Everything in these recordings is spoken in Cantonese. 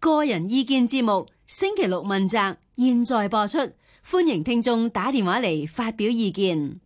個人意見節目星期六問責，現在播出，歡迎聽眾打電話嚟發表意見。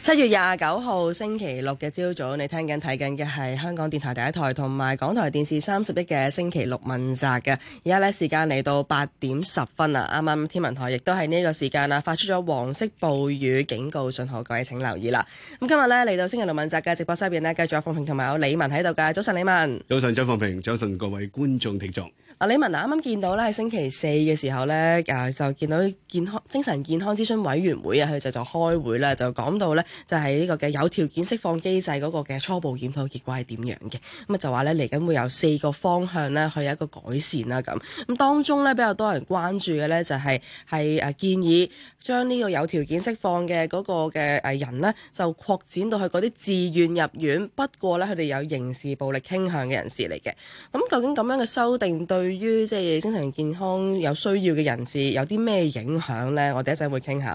七月廿九號星期六嘅朝早，你聽緊睇緊嘅係香港電台第一台同埋港台電視三十一嘅星期六問責嘅。而家呢時間嚟到八點十分啦，啱啱天文台亦都係呢個時間啦，發出咗黃色暴雨警告信號，各位請留意啦。咁今日咧嚟到星期六問責嘅直播室入邊咧，繼續有鳳平同埋有李文喺度嘅。早晨，李文。早晨，張鳳平。早晨，各位觀眾聽眾。李文啊，啱啱見到咧，喺星期四嘅時候咧，誒、呃、就見到健康精神健康諮詢委員會啊，佢就就開會啦，就講到咧，就係、是、呢個嘅有條件釋放機制嗰個嘅初步檢討結果係點樣嘅。咁、嗯、啊就話咧，嚟緊會有四個方向咧去一個改善啦咁。咁當中咧比較多人關注嘅咧就係係誒建議將呢個有條件釋放嘅嗰個嘅誒人呢，就擴展到去嗰啲自願入院，不過咧佢哋有刑事暴力傾向嘅人士嚟嘅。咁、嗯、究竟咁樣嘅修訂對於即係精神健康有需要嘅人士有啲咩影響呢？我哋一陣會傾下。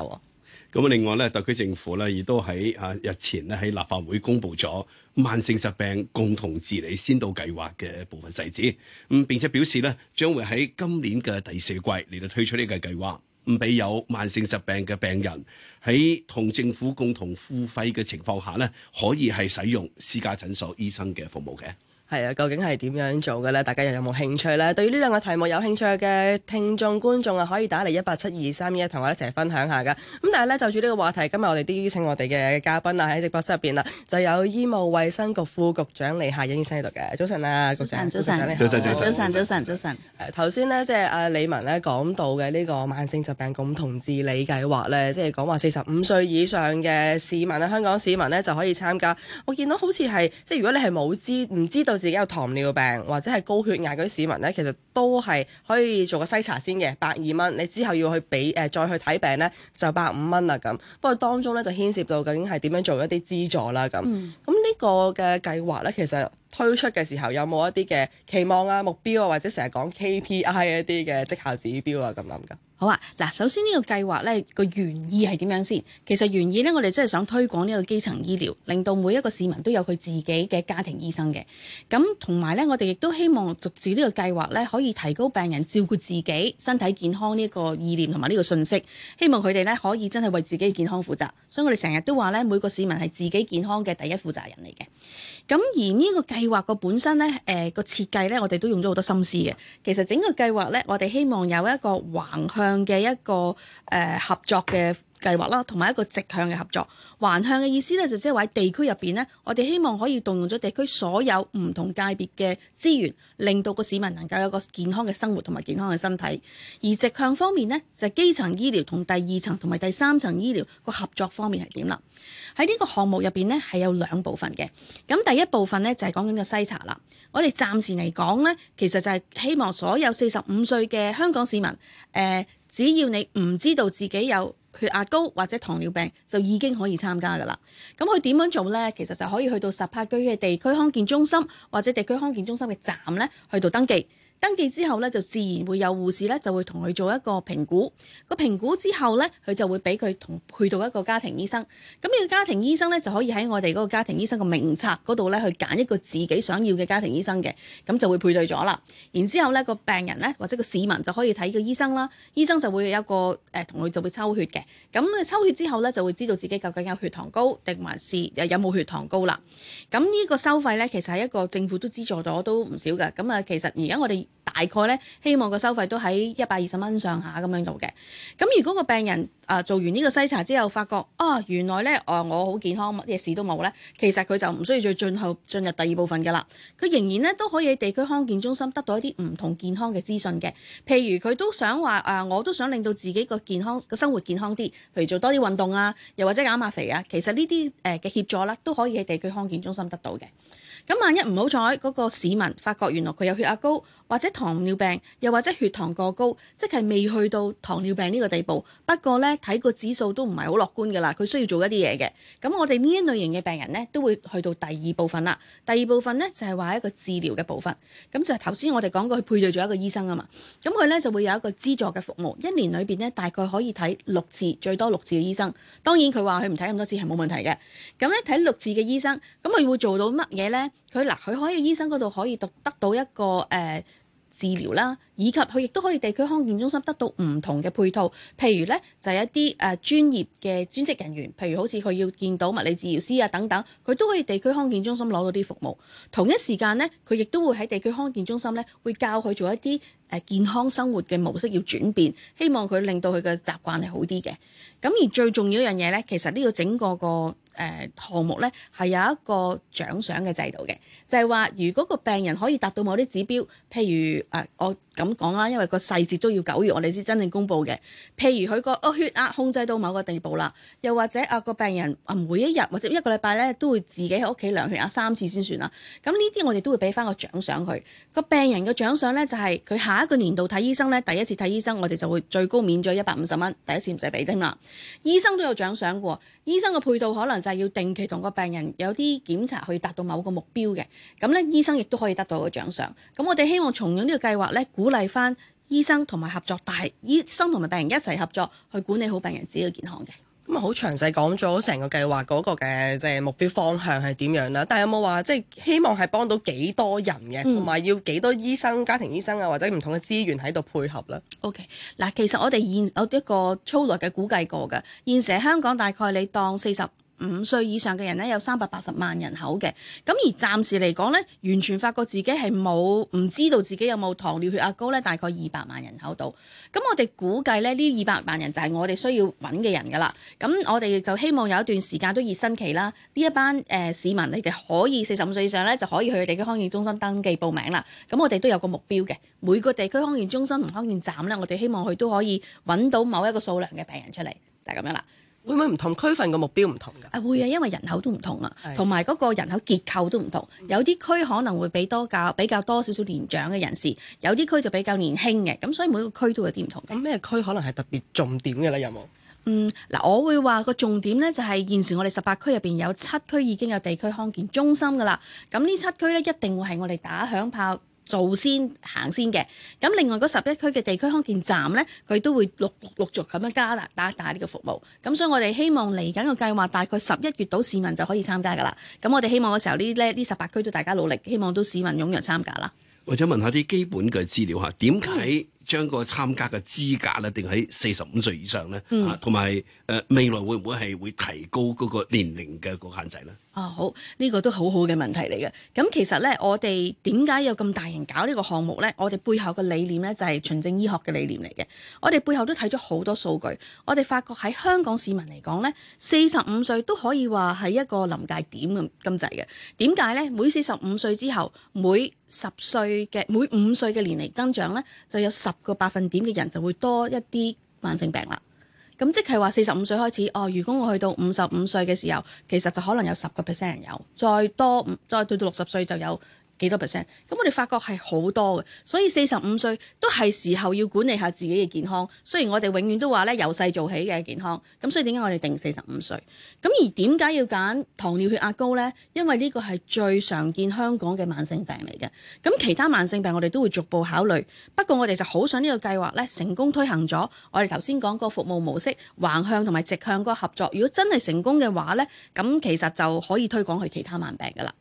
咁另外咧，特區政府咧亦都喺啊日前咧喺立法會公布咗慢性疾病共同治理先導計劃嘅部分細節，咁並且表示咧將會喺今年嘅第四季嚟到推出呢個計劃，唔俾有慢性疾病嘅病人喺同政府共同付費嘅情況下呢可以係使用私家診所醫生嘅服務嘅。係啊，究竟係點樣做嘅咧？大家又有冇興趣咧？對於呢兩個題目有興趣嘅聽眾觀眾啊，可以打嚟一八七二三一，同我一齊分享下噶。咁但係咧，就住呢個話題，今日我哋都邀請我哋嘅嘉賓啊，喺直播室入邊啦，就有醫務衛生局副局長李夏茵醫生喺度嘅。早晨啊，局長。早晨。早晨。早晨。早晨。早晨。早晨。頭先咧，即係阿李文咧講到嘅呢個慢性疾病共同治理計劃咧，即係講話四十五歲以上嘅市民咧，香港市民咧就可以參加。我見到好似係即係如果你係冇知唔知道。自己有糖尿病或者係高血壓嗰啲市民呢，其實都係可以做個篩查先嘅，百二蚊。你之後要去俾誒、呃、再去睇病呢，就百五蚊啦咁。不過當中呢，就牽涉到究竟係點樣做一啲資助啦咁。咁呢、嗯、個嘅計劃呢，其實推出嘅時候有冇一啲嘅期望啊目標啊，或者成日講 KPI 一啲嘅績效指標啊咁諗噶？好啊，嗱，首先呢個計劃咧，個原意係點樣先？其實原意咧，我哋真係想推廣呢個基層醫療，令到每一個市民都有佢自己嘅家庭醫生嘅。咁同埋咧，我哋亦都希望逐漸呢個計劃咧，可以提高病人照顧自己身體健康呢個意念同埋呢個信息，希望佢哋咧可以真係為自己健康負責，所以我哋成日都話咧，每個市民係自己健康嘅第一負責人嚟嘅。咁而呢個計劃個本身咧，誒個設計咧，我哋都用咗好多心思嘅。其實整個計劃咧，我哋希望有一個橫向。嘅一個誒、呃、合作嘅計劃啦，同埋一個直向嘅合作，橫向嘅意思咧就即係話喺地區入邊咧，我哋希望可以動用咗地區所有唔同界別嘅資源，令到個市民能夠有個健康嘅生活同埋健康嘅身體。而直向方面呢，就係、是、基層醫療同第二層同埋第三層醫療個合作方面係點啦？喺呢個項目入邊呢，係有兩部分嘅。咁第一部分呢，就係講緊個篩查啦。我哋暫時嚟講呢，其實就係希望所有四十五歲嘅香港市民誒。呃只要你唔知道自己有血壓高或者糖尿病，就已經可以參加㗎啦。咁佢點樣做呢？其實就可以去到十八區嘅地區康健中心，或者地區康健中心嘅站呢，去到登記。登記之後咧，就自然會有護士咧，就會同佢做一個評估。個評估之後咧，佢就會俾佢同配到一個家庭醫生。咁呢個家庭醫生咧，就可以喺我哋嗰個家庭醫生嘅名冊嗰度咧，去揀一個自己想要嘅家庭醫生嘅。咁就會配對咗啦。然之後咧，個病人咧或者個市民就可以睇個醫生啦。醫生就會有一個誒同佢就會抽血嘅。咁誒抽血之後咧，就會知道自己究竟有血糖高定還是誒有冇血糖高啦。咁呢個收費咧，其實係一個政府都資助咗都唔少嘅。咁啊，其實而家我哋。大概咧，希望個收費都喺一百二十蚊上下咁樣度嘅。咁如果個病人啊、呃、做完呢個篩查之後，發覺啊、哦、原來咧啊、呃、我好健康，乜嘢事都冇咧，其實佢就唔需要再進後進入第二部分㗎喇。佢仍然咧都可以喺地區康健中心得到一啲唔同健康嘅資訊嘅。譬如佢都想話啊、呃，我都想令到自己個健康個生活健康啲，譬如做多啲運動啊，又或者減下肥啊。其實呢啲誒嘅協助咧，都可以喺地區康健中心得到嘅。咁萬一唔好彩，嗰個市民發覺原來佢有血壓高，或者糖尿病，又或者血糖過高，即係未去到糖尿病呢個地步，不過呢，睇個指數都唔係好樂觀嘅啦，佢需要做一啲嘢嘅。咁我哋呢一類型嘅病人呢，都會去到第二部分啦。第二部分呢，就係話一個治療嘅部分。咁就係頭先我哋講過佢配對咗一個醫生啊嘛。咁佢呢，就會有一個資助嘅服務，一年裏邊呢，大概可以睇六次最多六次嘅醫生。當然佢話佢唔睇咁多次係冇問題嘅。咁呢睇六次嘅醫生，咁佢會做到乜嘢呢？佢嗱，佢可以醫生嗰度可以得得到一個誒、呃、治療啦。以及佢亦都可以地區康健中心得到唔同嘅配套，譬如呢，就係一啲誒、呃、專業嘅專職人員，譬如好似佢要見到物理治療師啊等等，佢都可以地區康健中心攞到啲服務。同一時間呢，佢亦都會喺地區康健中心呢，會教佢做一啲、呃、健康生活嘅模式要轉變，希望佢令到佢嘅習慣係好啲嘅。咁而最重要一樣嘢呢，其實呢個整個個誒、呃、項目呢，係有一個獎賞嘅制度嘅，就係、是、話如果個病人可以達到某啲指標，譬如誒、呃、我。咁講啦，因為個細節都要九月我哋先真正公布嘅。譬如佢個血壓控制到某個地步啦，又或者啊個病人啊每一日或者一個禮拜咧都會自己喺屋企量血壓三次先算啦。咁呢啲我哋都會俾翻個獎賞佢。個病人嘅獎賞咧就係、是、佢下一個年度睇醫生咧，第一次睇醫生我哋就會最高免咗一百五十蚊，第一次唔使俾㗎啦。醫生都有獎賞嘅喎，醫生嘅配套可能就係要定期同個病人有啲檢查去達到某個目標嘅。咁咧醫生亦都可以得到個獎賞。咁我哋希望重用呢個計劃咧，鼓勵翻醫生同埋合作，但係醫生同埋病人一齊合作去管理好病人自己嘅健康嘅。咁啊、嗯，好詳細講咗成個計劃嗰個嘅即係目標方向係點樣啦。但係有冇話即係希望係幫到幾多人嘅？同埋要幾多醫生、家庭醫生啊，或者唔同嘅資源喺度配合咧？OK，嗱，其實我哋現有一個粗略嘅估計過㗎，現時香港大概你當四十。五歲以上嘅人咧，有三百八十萬人口嘅，咁而暫時嚟講咧，完全發覺自己係冇唔知道自己有冇糖尿血壓高咧，大概二百萬人口度。咁、嗯、我哋估計咧，呢二百萬人就係我哋需要揾嘅人㗎喇。咁、嗯、我哋就希望有一段時間都熱身期啦。呢一班誒、呃、市民你哋可以四十五歲以上咧，就可以去地區康健中心登記報名啦。咁、嗯、我哋都有個目標嘅，每個地區康健中心同康健站咧，我哋希望佢都可以揾到某一個數量嘅病人出嚟，就係、是、咁樣啦。會唔會唔同區份嘅目標唔同㗎？啊，會啊，因為人口都唔同啊，同埋嗰個人口結構都唔同。有啲區可能會俾多較比較多少少年長嘅人士，有啲區就比較年輕嘅。咁所以每個區都有啲唔同。咁咩區可能係特別重點嘅咧？有冇？嗯，嗱，我會話個重點咧，就係現時我哋十八區入邊有七區已經有地區康健中心噶啦。咁呢七區咧一定會係我哋打響炮。做先行先嘅，咁另外嗰十一區嘅地區康健站呢，佢都會陸陸續續咁樣加大加大呢個服務。咁所以，我哋希望嚟緊個計劃大概十一月到市民就可以參加噶啦。咁我哋希望嘅時候，呢呢十八區都大家努力，希望都市民踴躍參加啦。或者問下啲基本嘅資料吓，點解將個參加嘅資格呢定喺四十五歲以上呢？嗯。同埋誒未來會唔會係會提高嗰個年齡嘅個限製呢？啊、哦，好！呢、這個都好好嘅問題嚟嘅。咁、嗯、其實呢，我哋點解有咁大型搞呢個項目呢？我哋背後嘅理念呢，就係、是、循證醫學嘅理念嚟嘅。我哋背後都睇咗好多數據，我哋發覺喺香港市民嚟講呢，四十五歲都可以話係一個臨界點咁咁滯嘅。點解呢？每四十五歲之後，每十歲嘅、每五歲嘅年齡增長呢，就有十個百分點嘅人就會多一啲慢性病啦。咁即係話四十五歲開始，哦，如果我去到五十五歲嘅時候，其實就可能有十個 percent 人有，再多，再對到六十歲就有。幾多 percent？咁我哋發覺係好多嘅，所以四十五歲都係時候要管理下自己嘅健康。雖然我哋永遠都話咧，由細做起嘅健康，咁所以點解我哋定四十五歲？咁而點解要揀糖尿血壓高呢？因為呢個係最常見香港嘅慢性病嚟嘅。咁其他慢性病我哋都會逐步考慮。不過我哋就好想呢個計劃咧成功推行咗。我哋頭先講過服務模式，橫向同埋直向個合作，如果真係成功嘅話呢，咁其實就可以推廣去其他慢病噶啦。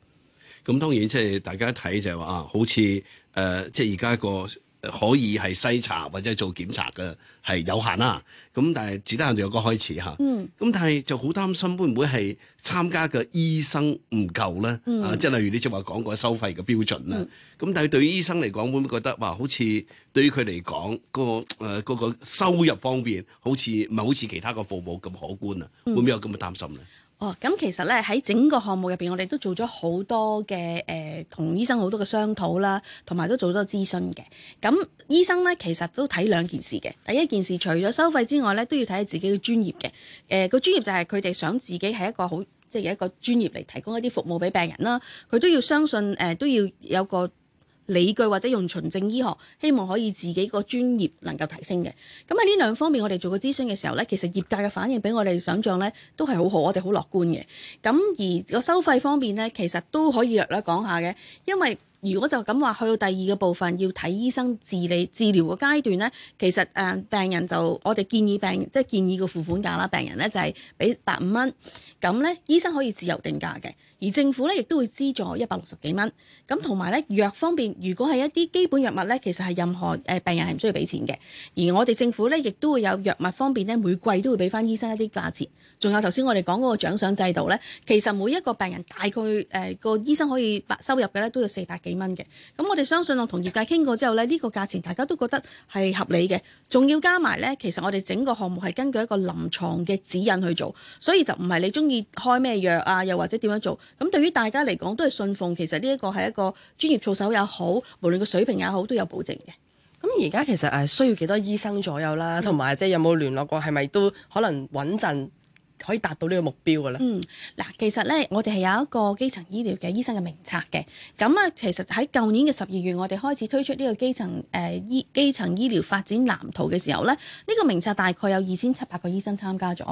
咁當然即係大家睇就係話啊，好似誒、呃、即係而家個可以係篩查或者做檢查嘅係有限啦。咁但係只得有個開始嚇。嗯。咁、嗯嗯、但係就好擔心會唔會係參加嘅醫生唔夠咧？嗯、啊，即係例如你即係話講過收費嘅標準啦。咁、嗯嗯嗯、但係對於醫生嚟講，會唔會覺得話好似對於佢嚟講個誒嗰、呃嗰個收入方面好，好似唔係好似其他個服務咁可觀啊？嗯、會唔會有咁嘅擔心咧？哦，咁其實咧喺整個項目入邊，我哋都做咗好多嘅誒，同、呃、醫生好多嘅商討啦，同埋都做咗諮詢嘅。咁醫生咧其實都睇兩件事嘅，第一件事除咗收費之外咧，都要睇下自己嘅專業嘅。誒、呃、個專業就係佢哋想自己係一個好，即、就、係、是、有一個專業嚟提供一啲服務俾病人啦。佢都要相信誒、呃，都要有個理據或者用循證醫學，希望可以自己個專業能夠提升嘅。咁喺呢兩方面，我哋做個諮詢嘅時候咧，其實業界嘅反應比我哋想像咧都係好好，我哋好樂觀嘅。咁而個收費方面咧，其實都可以略略講下嘅，因為如果就咁話去到第二個部分要睇醫生治理治療嘅階段咧，其實誒病人就我哋建議病即係、就係、建議個付款價啦，病人咧就係俾百五蚊，咁咧醫生可以自由定價嘅。而政府咧亦都會資助一百六十幾蚊，咁同埋咧藥方面，如果係一啲基本藥物咧，其實係任何誒病人係唔需要俾錢嘅。而我哋政府咧亦都會有藥物方面咧，每季都會俾翻醫生一啲價錢。仲有頭先我哋講嗰個獎賞制度咧，其實每一個病人大概誒、呃、個醫生可以收入嘅咧，都要四百幾蚊嘅。咁我哋相信我同業界傾過之後咧，呢、這個價錢大家都覺得係合理嘅。仲要加埋咧，其實我哋整個項目係根據一個臨床嘅指引去做，所以就唔係你中意開咩藥啊，又或者點樣做。咁對於大家嚟講都係信奉，其實呢一個係一個專業操守也好，無論個水平也好，都有保證嘅。咁而家其實誒需要幾多醫生左右啦，同埋即係有冇聯絡過，係咪都可能穩陣？可以達到呢個目標㗎啦。嗯，嗱，其實咧，我哋係有一個基層醫療嘅醫生嘅名冊嘅。咁啊，其實喺舊年嘅十二月，我哋開始推出呢個基層誒醫、呃、基層醫療發展藍圖嘅時候咧，呢個名冊大概有二千七百個醫生參加咗。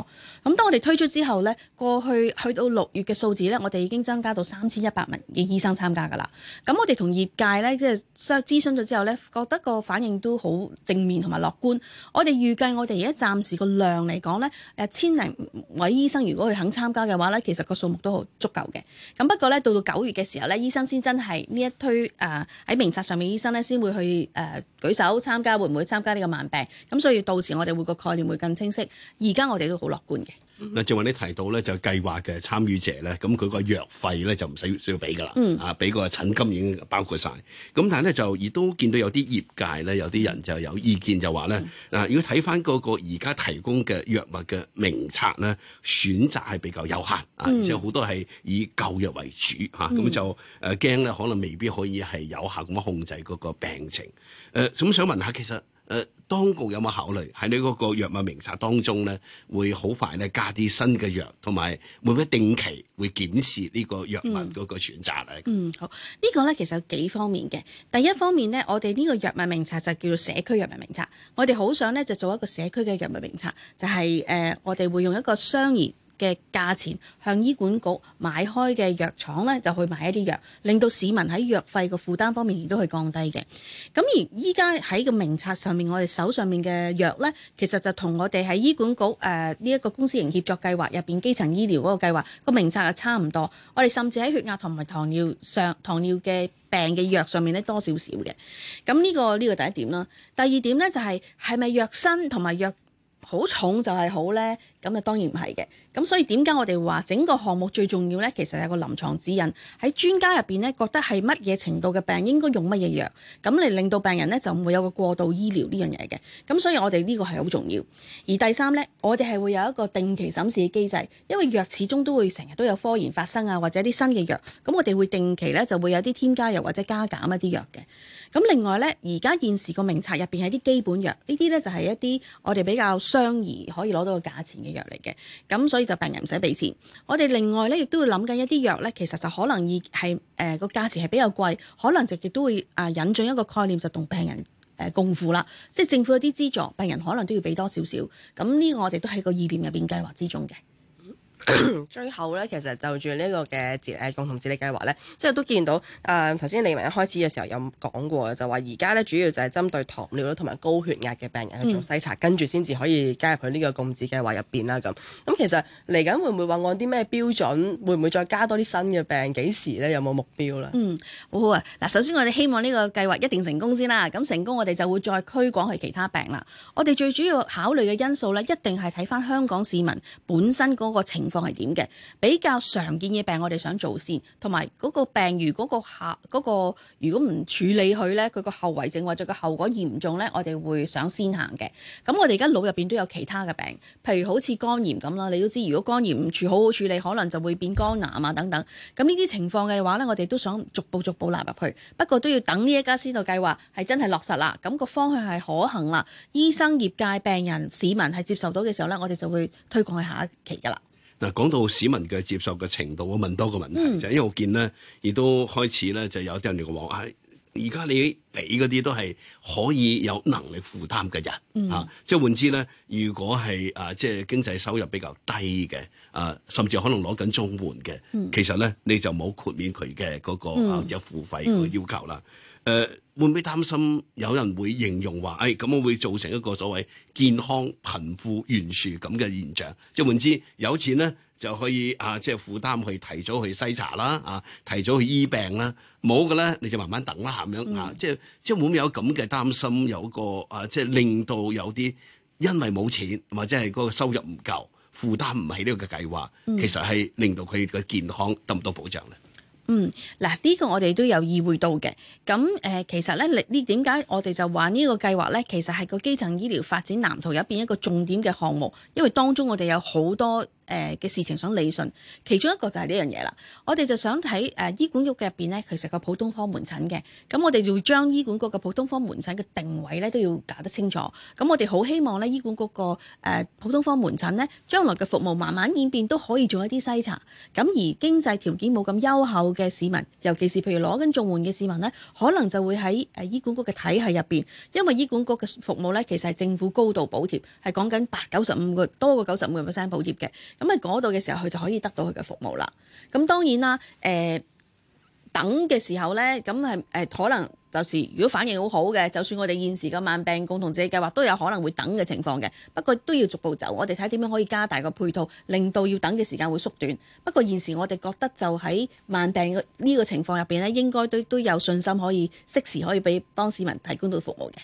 咁當我哋推出之後咧，過去去到六月嘅數字咧，我哋已經增加到三千一百名嘅醫生參加㗎啦。咁我哋同業界咧，即係相諮詢咗之後咧，覺得個反應都好正面同埋樂觀。我哋預計我哋而家暫時個量嚟講咧，誒千零位醫生如果佢肯參加嘅話咧，其實個數目都好足夠嘅。咁不過咧，到到九月嘅時候咧，醫生先真係呢一推誒喺名冊上面醫生咧，先會去誒、呃、舉手參加，會唔會參加呢個慢病？咁所以到時我哋會個概念會更清晰。而家我哋都好樂觀嘅。嗱，正話、嗯、你提到咧，就計劃嘅參與者咧，咁佢個藥費咧就唔使需要俾噶啦，嗯、啊，俾個診金已經包括晒。咁但係咧就亦都見到有啲業界咧，有啲人就有意見就話咧，啊，如果睇翻嗰個而家提供嘅藥物嘅名冊咧，選擇係比較有限啊，而且好多係以舊藥為主嚇，咁、啊、就誒驚咧，可能未必可以係有效咁樣控制嗰個病情。誒、啊，咁想問下其實。誒，當局有冇考慮喺呢個個藥物名冊當中咧，會好快咧加啲新嘅藥，同埋會唔會定期會檢視呢個藥物嗰個選擇咧、嗯？嗯，好，呢、這個咧其實有幾方面嘅。第一方面咧，我哋呢個藥物名冊就叫做社區藥物名冊，我哋好想咧就做一個社區嘅藥物名冊，就係、是、誒、呃，我哋會用一個商業嘅價錢向醫管局買開嘅藥廠咧，就去買一啲藥，令到市民喺藥費嘅負擔方面亦都去降低嘅。咁而依家喺個名冊上面，我哋手上面嘅藥咧，其實就同我哋喺醫管局誒呢一個公私營協作計劃入邊基層醫療嗰個計劃個名冊係差唔多。我哋甚至喺血壓同埋糖尿上糖尿嘅病嘅藥上面咧多少少嘅。咁呢個呢個第一點啦。第二點咧就係係咪藥新同埋藥好重就係好咧？咁啊當然唔係嘅，咁所以點解我哋話整個項目最重要呢？其實有個臨床指引喺專家入邊呢，覺得係乜嘢程度嘅病應該用乜嘢藥，咁嚟令到病人呢就唔會有個過度醫療呢樣嘢嘅。咁所以我哋呢個係好重要。而第三呢，我哋係會有一個定期審視嘅機制，因為藥始終都會成日都有科研發生啊，或者啲新嘅藥，咁我哋會定期呢就會有啲添加藥或者加減一啲藥嘅。咁另外呢，而家現時個名冊入邊係啲基本藥，呢啲呢就係一啲我哋比較相宜可以攞到嘅價錢。藥嚟嘅，咁所以就病人唔使俾錢。我哋另外咧，亦都會諗緊一啲藥咧，其實就可能以係誒個價錢係比較貴，可能直亦都會啊、呃、引進一個概念，就同病人誒共付啦，即係政府有啲資助，病人可能都要俾多少少。咁呢個我哋都喺個意念入邊計劃之中嘅。 最後咧，其實就住呢個嘅治誒共同治理計劃咧，即係都見到誒，頭先李明一開始嘅時候有講過，就話而家咧主要就係針對糖尿同埋高血壓嘅病人去做篩查，嗯、跟住先至可以加入去呢個共治計劃入邊啦。咁咁其實嚟緊會唔會話按啲咩標準？會唔會再加多啲新嘅病？幾時咧？有冇目標咧？嗯，好好啊。嗱，首先我哋希望呢個計劃一定成功先啦。咁成功我哋就會再推廣去其他病啦。我哋最主要考慮嘅因素咧，一定係睇翻香港市民本身嗰個情況。係點嘅比較常見嘅病我，我哋想做先，同埋嗰個病，如嗰個下嗰、嗰個，如果唔處理佢咧，佢個後遺症或者個後果嚴重咧，我哋會想先行嘅。咁我哋而家腦入邊都有其他嘅病，譬如好似肝炎咁啦，你都知如果肝炎唔處好好處理，可能就會變肝癌啊等等。咁呢啲情況嘅話咧，我哋都想逐步逐步納入去，不過都要等呢一家先導計劃係真係落實啦，咁、嗰個方向係可行啦，醫生、業界、病人、市民係接受到嘅時候咧，我哋就會推廣去下一期噶啦。嗱，講到市民嘅接受嘅程度，我問多個問題就係，因為我見咧亦都開始咧就有啲人嚟講，唉、啊，而家你俾嗰啲都係可以有能力負擔嘅人嚇、啊，即係換之咧，如果係啊，即係經濟收入比較低嘅啊，甚至可能攞緊綜援嘅，其實咧你就冇豁免佢嘅嗰個有、嗯、付費嘅要求啦。誒、呃、會唔會擔心有人會形容話，誒、哎、咁會造成一個所謂健康貧富懸殊咁嘅現象？即係換之，有錢咧就可以啊，即、就、係、是、負擔去提早去篩查啦，啊提早去醫病啦，冇嘅咧你就慢慢等啦咁樣，啊，、嗯、會會樣啊！即係即係會唔會有咁嘅擔心？有個啊，即係令到有啲因為冇錢或者係嗰個收入唔夠，負擔唔起呢個嘅計劃，嗯、其實係令到佢嘅健康得唔到保障咧？嗯，嗱、這、呢個我哋都有意會到嘅，咁誒其實咧，你呢點解我哋就話呢個計劃咧，其實係個，個基層醫療發展藍圖入邊一個重點嘅項目，因為當中我哋有好多。誒嘅事情想理順，其中一個就係呢樣嘢啦。我哋就想睇誒、呃、醫管局入邊咧，其實個普通科門診嘅，咁我哋就會將醫管局嘅普通科門診嘅定位咧都要搞得清楚。咁我哋好希望咧，醫管局個誒、呃、普通科門診咧，將來嘅服務慢慢演變都可以做一啲篩查。咁而經濟條件冇咁優厚嘅市民，尤其是譬如攞緊綜援嘅市民咧，可能就會喺誒、呃、醫管局嘅體系入邊，因為醫管局嘅服務咧，其實係政府高度補貼，係講緊八九十五個多過九十五個 percent 補貼嘅。咁喺嗰度嘅時候，佢就可以得到佢嘅服務啦。咁當然啦，誒、呃、等嘅時候呢，咁係誒可能就係如果反應好好嘅，就算我哋現時嘅慢病共同治理計劃都有可能會等嘅情況嘅。不過都要逐步走，我哋睇點樣可以加大個配套，令到要等嘅時間會縮短。不過現時我哋覺得就喺慢病呢個情況入邊呢，應該都都有信心可以適時可以俾幫市民提供到服務嘅。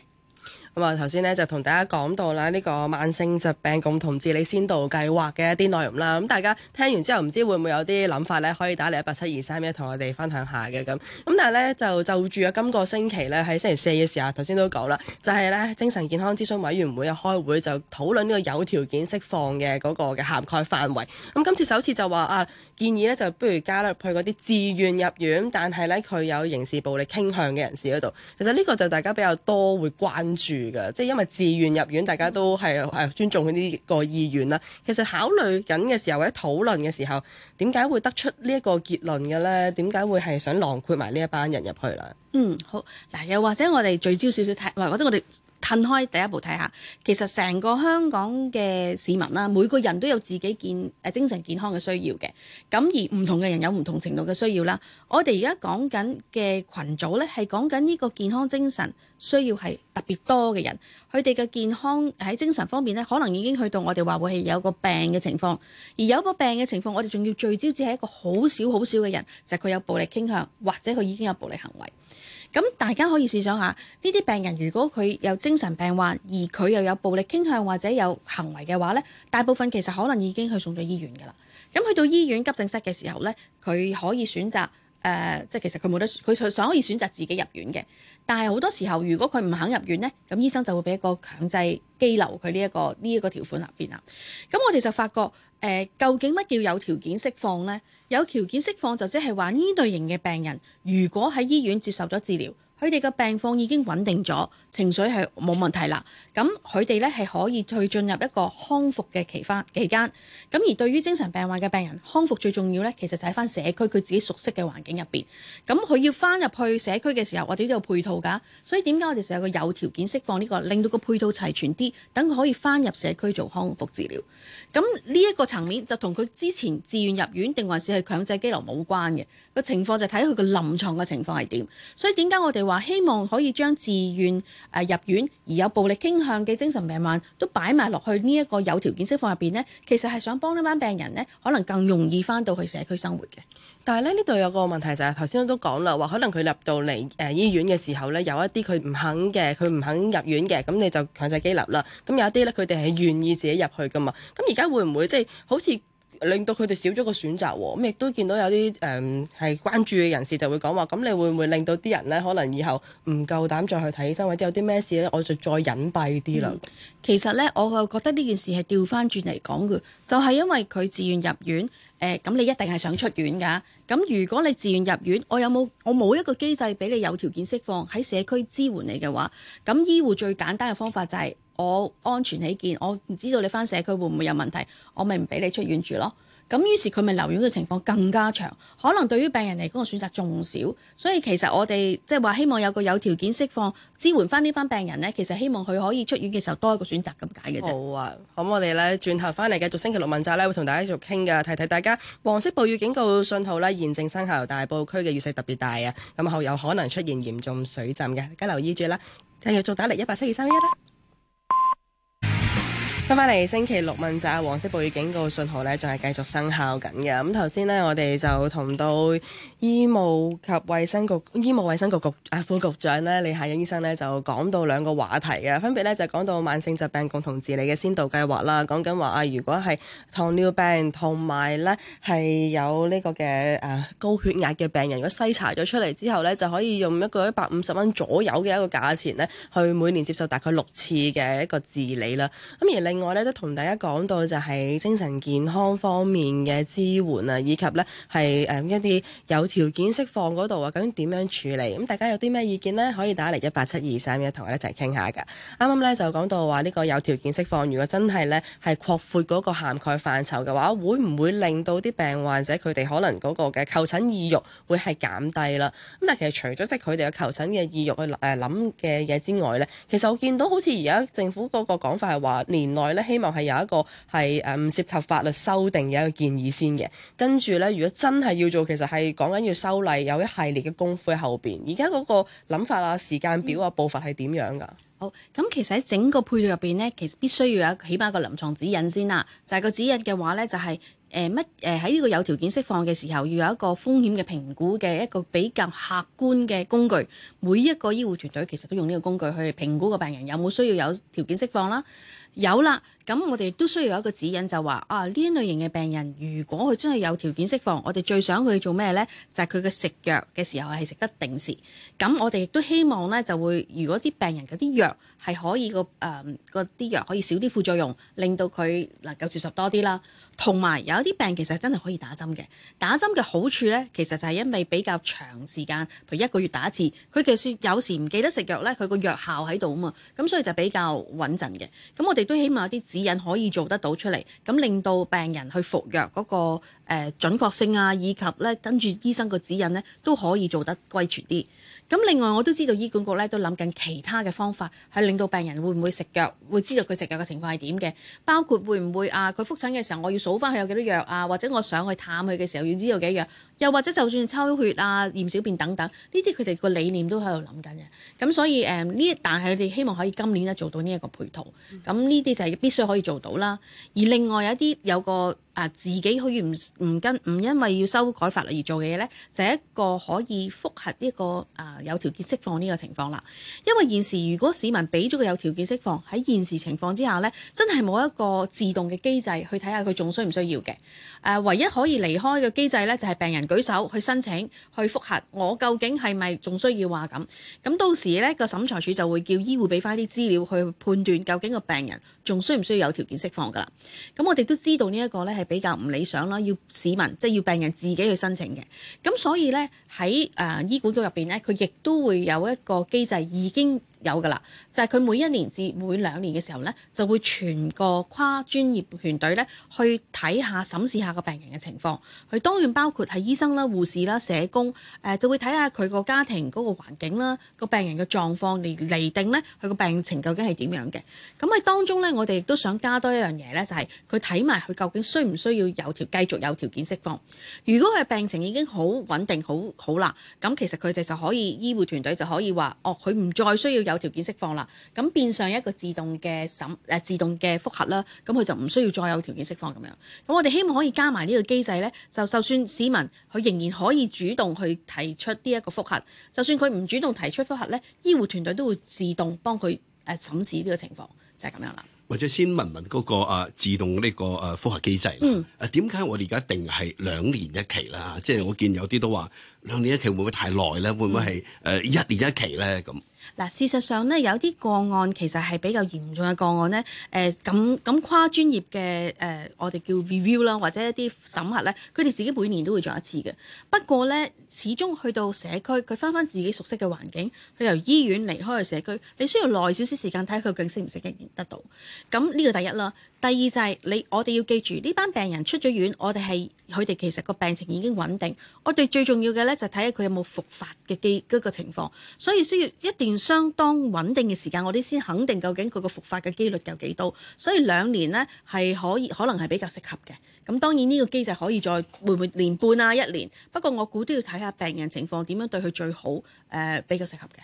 咁啊，頭先咧就同大家講到啦，呢、這個慢性疾病共同治理先導計劃嘅一啲內容啦。咁、嗯、大家聽完之後，唔知會唔會有啲諗法咧，可以打嚟一八七二三一，同我哋分享下嘅咁。咁、嗯、但係咧就就住啊，今個星期咧喺星期四嘅時候，頭先都講啦，就係、是、咧精神健康諮詢委員會啊開會就討論呢個有條件釋放嘅嗰個嘅涵蓋範圍。咁、嗯、今次首次就話啊，建議咧就不如加入去嗰啲自願入院，但係咧佢有刑事暴力傾向嘅人士嗰度。其實呢個就大家比較多會關注。即係因為自願入院，大家都係誒尊重佢呢個意願啦。其實考慮緊嘅時候或者討論嘅時候，點解會得出呢一個結論嘅咧？點解會係想囊括埋呢一班人入去啦？嗯，好，嗱，又或者我哋聚焦少少睇，或者我哋。褪開第一步睇下，其實成個香港嘅市民啦，每個人都有自己健誒精神健康嘅需要嘅。咁而唔同嘅人有唔同程度嘅需要啦。我哋而家講緊嘅群組咧，係講緊呢個健康精神需要係特別多嘅人，佢哋嘅健康喺精神方面咧，可能已經去到我哋話會係有個病嘅情況。而有個病嘅情況，我哋仲要聚焦，只係一個好少好少嘅人，就係佢有暴力傾向，或者佢已經有暴力行為。咁大家可以試想一下，呢啲病人如果佢有精神病患，而佢又有暴力傾向或者有行為嘅話，呢大部分其實可能已經去送咗醫院㗎啦。咁去到醫院急症室嘅時候，呢佢可以選擇。誒、呃，即係其實佢冇得，佢想可以選擇自己入院嘅。但係好多時候，如果佢唔肯入院呢，咁醫生就會俾一個強制羈留佢呢一個呢一、呢個條款入邊啦。咁我哋就發覺，誒、呃，究竟乜叫有條件釋放呢？有條件釋放就即係話呢類型嘅病人，如果喺醫院接受咗治療。佢哋嘅病況已經穩定咗，情緒係冇問題啦。咁佢哋咧，係可以去進入一個康復嘅期翻期間。咁而對於精神病患嘅病人，康復最重要咧，其實就喺翻社區佢自己熟悉嘅環境入邊。咁佢要翻入去社區嘅時候，我哋都有配套㗎。所以點解我哋成日有個有條件釋放呢個，令到個配套齊全啲，等佢可以翻入社區做康復治療。咁呢一個層面就同佢之前自願入院定還是係強制羈留冇關嘅。個情況就睇佢個臨床嘅情況係點，所以點解我哋話希望可以將自願誒入院而有暴力傾向嘅精神病患都擺埋落去呢一個有條件釋放入邊呢？其實係想幫呢班病人呢，可能更容易返到去社區生活嘅。但係咧，呢度有個問題就係頭先都講啦，話可能佢入到嚟誒醫院嘅時候呢，有一啲佢唔肯嘅，佢唔肯入院嘅，咁你就強制羈留啦。咁有一啲咧，佢哋係願意自己入去㗎嘛。咁而家會唔會即係、就是、好似？令到佢哋少咗個選擇喎、哦，咁亦都見到有啲誒係關注嘅人士就會講話，咁你會唔會令到啲人咧可能以後唔夠膽再去睇醫生，或者有啲咩事咧，我就再隱蔽啲啦、嗯。其實咧，我就覺得呢件事係掉返轉嚟講嘅，就係、是、因為佢自願入院。誒，咁、欸、你一定係想出院㗎？咁如果你自願入院，我有冇我冇一個機制俾你有條件釋放喺社區支援你嘅話，咁醫護最簡單嘅方法就係、是、我安全起見，我唔知道你返社區會唔會有問題，我咪唔俾你出院住咯。咁於是佢咪留院嘅情況更加長，可能對於病人嚟講個選擇仲少，所以其實我哋即係話希望有個有條件釋放支援翻呢班病人呢，其實希望佢可以出院嘅時候多一個選擇咁解嘅啫。好啊，咁我哋咧轉頭翻嚟繼續星期六問責咧，會同大家繼續傾嘅，提提大家黃色暴雨警告信號咧現正生效，大埔區嘅雨勢特別大啊，咁後有可能出現嚴重水浸嘅，大家留意住啦。繼續做打嚟一八七二三一啦。翻翻嚟星期六問責，黃色暴雨警告信號咧，仲係繼續生效緊嘅。咁頭先呢，我哋就同到醫務及衛生局醫務衛生局局、啊、副局長咧李夏茵醫生咧，就講到兩個話題嘅，分別咧就講到慢性疾病共同治理嘅先導計劃啦。講緊話啊，如果係糖尿病同埋咧係有呢有個嘅誒、啊、高血壓嘅病人，如果篩查咗出嚟之後咧，就可以用一個一百五十蚊左右嘅一個價錢咧，去每年接受大概六次嘅一個治理啦。咁、嗯、而你另外咧都同大家講到就係精神健康方面嘅支援啊，以及咧係誒一啲有條件釋放嗰度啊，究竟點樣處理？咁大家有啲咩意見咧？可以打嚟一八七二三一同我一齊傾下㗎。啱啱咧就講到話呢個有條件釋放，如果真係咧係擴闊嗰個涵蓋範疇嘅話，會唔會令到啲病患者佢哋可能嗰個嘅求診意欲會係減低啦？咁但其實除咗即係佢哋嘅求診嘅意欲去誒諗嘅嘢之外咧，其實我見到好似而家政府嗰個講法係話連希望係有一個係誒唔涉及法律修訂嘅一個建議先嘅。跟住咧，如果真係要做，其實係講緊要修例，有一系列嘅功夫喺後邊。而家嗰個諗法啊、時間表啊、步伐係點樣㗎？嗯？好咁，其實喺整個配套入邊咧，其實必須要有起碼一個臨床指引先啦。就係、是、個指引嘅話咧，就係誒乜誒喺呢個有條件釋放嘅時候，要有一個風險嘅評估嘅一個比較客觀嘅工具。每一個醫護團隊其實都用呢個工具去評估個病人有冇需要有條件釋放啦。有啦，咁我哋都需要有一個指引，就話啊呢一類型嘅病人，如果佢真係有條件釋放，我哋最想佢做咩呢？就係佢嘅食藥嘅時候係食得定時。咁我哋亦都希望呢，就會如果啲病人嗰啲藥係可以個誒嗰啲藥可以少啲副作用，令到佢能夠接受多啲啦。同埋有啲病其實真係可以打針嘅，打針嘅好處呢，其實就係因為比較長時間，譬如一個月打一次，佢就算有時唔記得食藥呢，佢個藥效喺度啊嘛，咁所以就比較穩陣嘅。咁我哋亦都希望有啲指引可以做得到出嚟，咁令到病人去服藥嗰個、呃、準確性啊，以及咧跟住醫生個指引咧都可以做得歸全啲。咁另外我都知道醫管局咧都諗緊其他嘅方法，係令到病人會唔會食藥，會知道佢食藥嘅情況係點嘅，包括會唔會啊佢復診嘅時候，我要數翻佢有幾多藥啊，或者我想去探佢嘅時候，要知道幾多藥。又或者就算抽血啊、驗小便等等，呢啲佢哋個理念都喺度諗緊嘅。咁所以誒，呢但係佢哋希望可以今年咧做到呢一個配套。咁呢啲就係必須可以做到啦。而另外有一啲有個啊自己可以唔唔跟唔因為要修改法律而做嘅嘢咧，就係、是、一個可以覆核呢個啊有條件釋放呢個情況啦。因為現時如果市民俾咗個有條件釋放，喺現時情況之下咧，真係冇一個自動嘅機制去睇下佢仲需唔需要嘅。誒，唯一可以離開嘅機制咧，就係病人。舉手去申請去覆核我究竟係咪仲需要話咁？咁到時咧個審裁處就會叫醫護俾翻啲資料去判斷，究竟個病人仲需唔需要有條件釋放噶啦？咁我哋都知道呢一個咧係比較唔理想啦，要市民即係、就是、要病人自己去申請嘅。咁所以咧喺誒醫管局入邊咧，佢亦都會有一個機制已經有噶啦，就係、是、佢每一年至每兩年嘅時候咧，就會全個跨專業團隊咧去睇下審視下個病人嘅情況。佢當然包括係醫生啦、護士啦、社工，誒、呃、就會睇下佢個家庭嗰個環境啦、個病人嘅狀況嚟釐定咧佢個病情究竟係點樣嘅。咁喺當中咧，我哋亦都想加多一樣嘢咧，就係佢睇埋佢究竟需唔需要有條繼續有條件釋放。如果佢嘅病情已經好穩定好好啦，咁其實佢哋就可以醫護團隊就可以話：哦，佢唔再需要有。有條件釋放啦，咁變相一個自動嘅審誒自動嘅複核啦，咁佢就唔需要再有條件釋放咁樣。咁我哋希望可以加埋呢個機制呢，就就算市民佢仍然可以主動去提出呢一個複核，就算佢唔主動提出複核呢，醫護團隊都會自動幫佢誒審視呢個情況，就係咁樣啦。或者先問問嗰個誒自動呢個誒複核機制啦，嗯，點解我哋而家定係兩年一期啦？即係我見有啲都話。兩年一期會唔會太耐咧？會唔會係誒、嗯呃、一年一期咧？咁嗱，事實上咧，有啲個案其實係比較嚴重嘅個案咧。誒、呃，咁咁跨專業嘅誒、呃，我哋叫 review 啦，或者一啲審核咧，佢哋自己每年都會做一次嘅。不過咧，始終去到社區，佢翻翻自己熟悉嘅環境，佢由醫院離開嘅社區，你需要耐少少時間睇下佢更適唔適應得到。咁呢個第一啦。第二就係、是、你，我哋要記住呢班病人出咗院，我哋係佢哋其實個病情已經穩定。我哋最重要嘅咧，就睇下佢有冇復發嘅機嗰個情況，所以需要一段相當穩定嘅時間，我哋先肯定究竟佢個復發嘅機率有幾多。所以兩年呢，係可以，可能係比較適合嘅。咁當然呢個機制可以再會唔會年半啊、一年，不過我估都要睇下病人情況點樣對佢最好，誒、呃、比較適合嘅。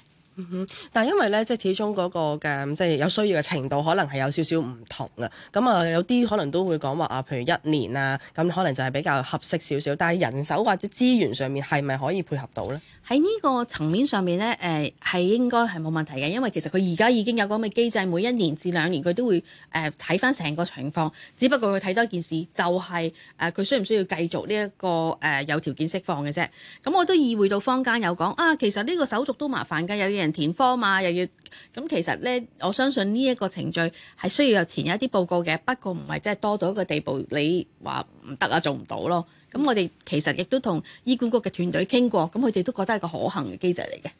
嗯、但係因為咧，即係始終嗰、那個嘅即係有需要嘅程度，可能係有少少唔同嘅。咁啊，有啲可能都會講話啊，譬如一年啊，咁可能就係比較合適少少。但係人手或者資源上面係咪可以配合到咧？喺呢個層面上面咧，誒、呃、係應該係冇問題嘅，因為其實佢而家已經有嗰個機制，每一年至兩年佢都會誒睇返成個情況。只不過佢睇多件事，就係誒佢需唔需要繼續呢、這、一個誒、呃、有條件釋放嘅啫。咁、嗯、我都意會到坊間有講啊，其實呢個手續都麻煩㗎，有啲人。填科嘛，又要咁，嗯，其實咧，我相信呢一個程序係需要有填一啲報告嘅，不過唔係真係多到一個地步，你話。唔得啊，做唔到咯。咁我哋其實亦都同醫管局嘅團隊傾過，咁佢哋都覺得係個可行嘅機制嚟嘅。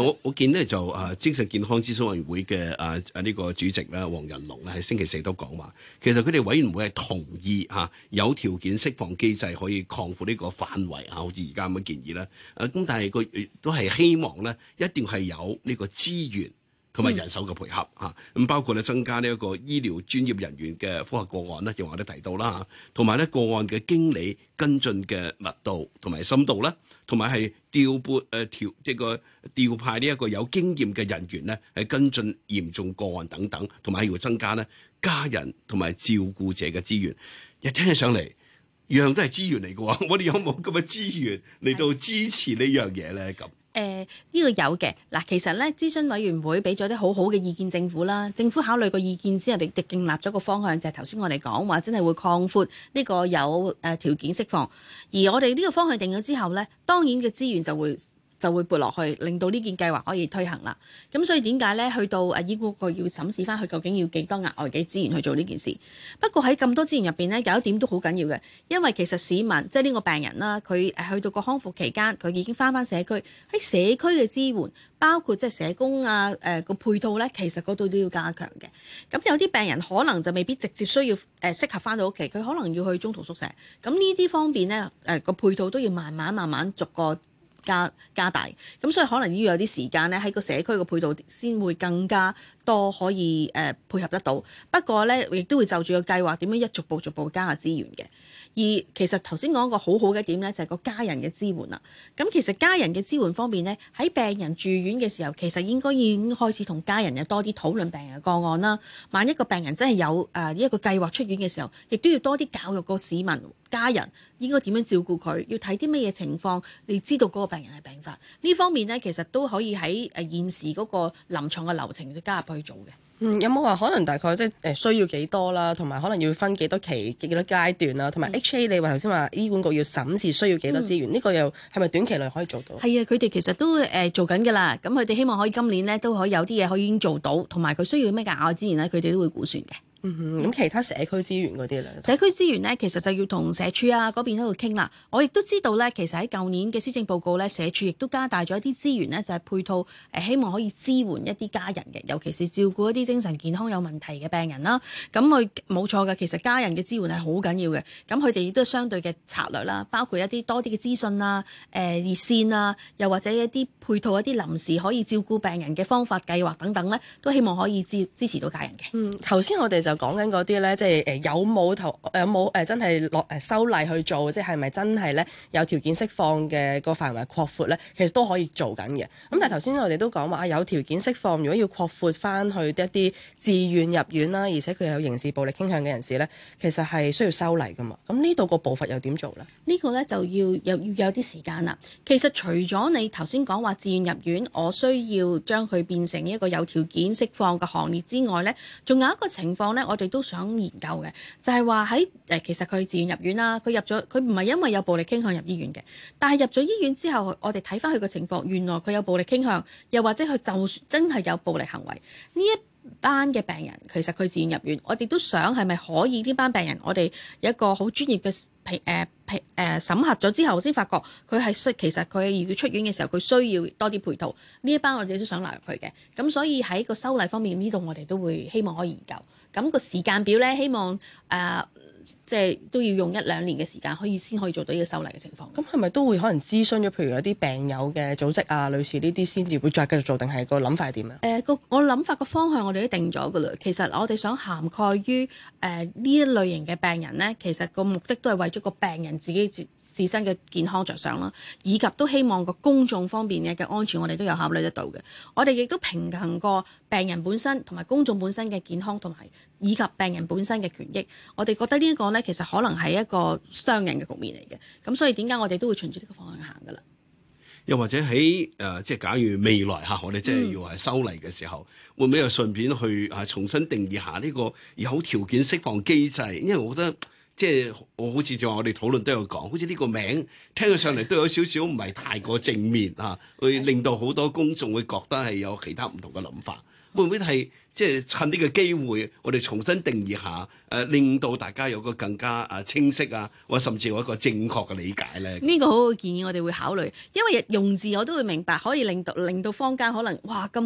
我我見呢就誒、啊、精神健康諮詢委員會嘅誒誒呢個主席咧黃仁龍咧喺星期四都講話，其實佢哋委員會係同意嚇、啊，有條件釋放機制可以擴闊呢個範圍啊，好似而家咁嘅建議啦。誒、啊、咁但係佢都係希望咧，一定係有呢個資源。同埋人手嘅配合嚇，咁、嗯啊、包括咧增加呢一個醫療專業人員嘅複核個案咧，亦話我哋提到啦，同埋咧個案嘅經理跟進嘅密度同埋深度啦，同埋係調撥誒、呃、調呢、這個調派呢一個有經驗嘅人員咧，係跟進嚴重個案等等，同埋要增加咧家人同埋照顧者嘅資源。一聽起上嚟，樣都係資源嚟嘅喎，我、啊、哋有冇咁嘅資源嚟到支持呢樣嘢咧？咁？誒呢、呃這個有嘅嗱，其實咧諮詢委員會俾咗啲好好嘅意見政府啦，政府考慮個意見之後，哋亦訂立咗個方向，就係頭先我哋講話真係會擴闊呢個有誒條件釋放，而我哋呢個方向定咗之後咧，當然嘅資源就會就會撥落去，令到呢件計劃可以推行啦。咁所以點解咧？去到醫管局要審視翻，佢究竟要幾多額外嘅資源去做呢件事？不過喺咁多資源入邊咧，有一點都好緊要嘅，因為其實市民即係呢個病人啦，佢誒去到個康復期間，佢已經翻翻社區，喺社區嘅支援，包括即係社工啊誒個、呃、配套咧，其實嗰度都要加強嘅。咁有啲病人可能就未必直接需要誒適合翻到屋企，佢可能要去中途宿舍。咁呢啲方面咧誒個配套都要慢慢慢慢逐個。加加大，咁所以可能要有啲時間咧，喺個社區嘅配套先會更加多可以誒、呃、配合得到。不過咧，亦都會就住個計劃點樣一逐步逐步加下資源嘅。而其實頭先講一個好好嘅點呢，就係個家人嘅支援啦。咁其實家人嘅支援方面呢，喺病人住院嘅時候，其實應該已經開始同家人有多啲討論病人嘅個案啦。萬一,一個病人真係有呢、呃、一個計劃出院嘅時候，亦都要多啲教育個市民，家人應該點樣照顧佢，要睇啲乜嘢情況，你知道嗰個病人係病發。呢方面呢，其實都可以喺誒現時嗰個臨牀嘅流程嘅加入去做嘅。嗯，有冇話可能大概即係誒需要幾多啦，同埋可能要分幾多期、幾多階段啦、啊，同埋 HA 你話頭先話醫管局要審視需要幾多資源，呢、嗯、個又係咪短期內可以做到？係啊，佢哋其實都誒、呃、做緊噶啦，咁佢哋希望可以今年咧都可以有啲嘢，可以已經做到，同埋佢需要咩嘅額外資源咧，佢哋都會估算嘅。咁、嗯、其他社，區社區資源嗰啲咧？社區資源咧，其實就要同社署啊嗰邊喺度傾啦。我亦都知道咧，其實喺舊年嘅施政報告咧，社署亦都加大咗一啲資源咧，就係、是、配套誒、呃，希望可以支援一啲家人嘅，尤其是照顧一啲精神健康有問題嘅病人啦。咁佢冇錯嘅，其實家人嘅支援係好緊要嘅。咁佢哋亦都相對嘅策略啦，包括一啲多啲嘅資訊啦、啊、誒、呃、熱線啊，又或者一啲配套一啲臨時可以照顧病人嘅方法、計劃等等咧，都希望可以支支持到家人嘅。嗯，頭先我哋就講緊嗰啲咧，即係誒有冇投有冇誒真係落誒修例去做，即係係咪真係咧有條件釋放嘅個範圍擴闊咧？其實都可以做緊嘅。咁但係頭先我哋都講話有條件釋放，如果要擴闊翻去一啲自願入院啦，而且佢有刑事暴力傾向嘅人士咧，其實係需要修例噶嘛。咁呢度個步伐又點做咧？呢個咧就要又要有啲時間啦。其實除咗你頭先講話自願入院，我需要將佢變成一個有條件釋放嘅行列之外咧，仲有一個情況咧。我哋都想研究嘅，就係話喺誒，其實佢自願入院啦，佢入咗，佢唔係因為有暴力傾向入醫院嘅，但係入咗醫院之後，我哋睇返佢嘅情況，原來佢有暴力傾向，又或者佢就算真係有暴力行為，呢一班嘅病人其實佢自願入院，我哋都想係咪可以呢班病人，我哋有一個好專業嘅譬誒。評誒、呃、審核咗之後，先發覺佢係需其實佢要出院嘅時候，佢需要多啲配套。呢一班我哋都想留入去嘅，咁所以喺個修例方面，呢度我哋都會希望可以研究。咁、個時間表咧，希望誒。呃即係都要用一兩年嘅時間，可以先可以做到呢個修例嘅情況。咁係咪都會可能諮詢咗譬如有啲病友嘅組織啊，類似呢啲先至會再繼續做，定係個諗法係點咧？誒個、呃、我諗法個方向，我哋都定咗㗎喇。其實我哋想涵蓋於誒呢一類型嘅病人咧，其實個目的都係為咗個病人自己自自身嘅健康着想啦，以及都希望個公眾方面嘅嘅安全，我哋都有考慮得到嘅。我哋亦都平衡過病人本身同埋公眾本身嘅健康，同埋以及病人本身嘅權益。我哋覺得呢一個咧，其實可能係一個雙贏嘅局面嚟嘅。咁所以點解我哋都會循住呢個方向行噶啦？又或者喺誒，即、呃、係假如未來吓，我哋即係要係修例嘅時候，嗯、會唔會又順便去啊重新定義下呢個有條件釋放機制？因為我覺得。即係我好似仲話，我哋討論都有講，好似呢個名聽起上嚟都有少少唔係太過正面嚇、啊，會令到好多公眾會覺得係有其他唔同嘅諗法，會唔會係即係趁呢個機會，我哋重新定義下，誒、啊、令到大家有個更加啊清晰啊，或、啊、甚至有一個正確嘅理解咧？呢個好好建議，我哋會考慮，因為用字我都會明白，可以令到令到坊間可能哇咁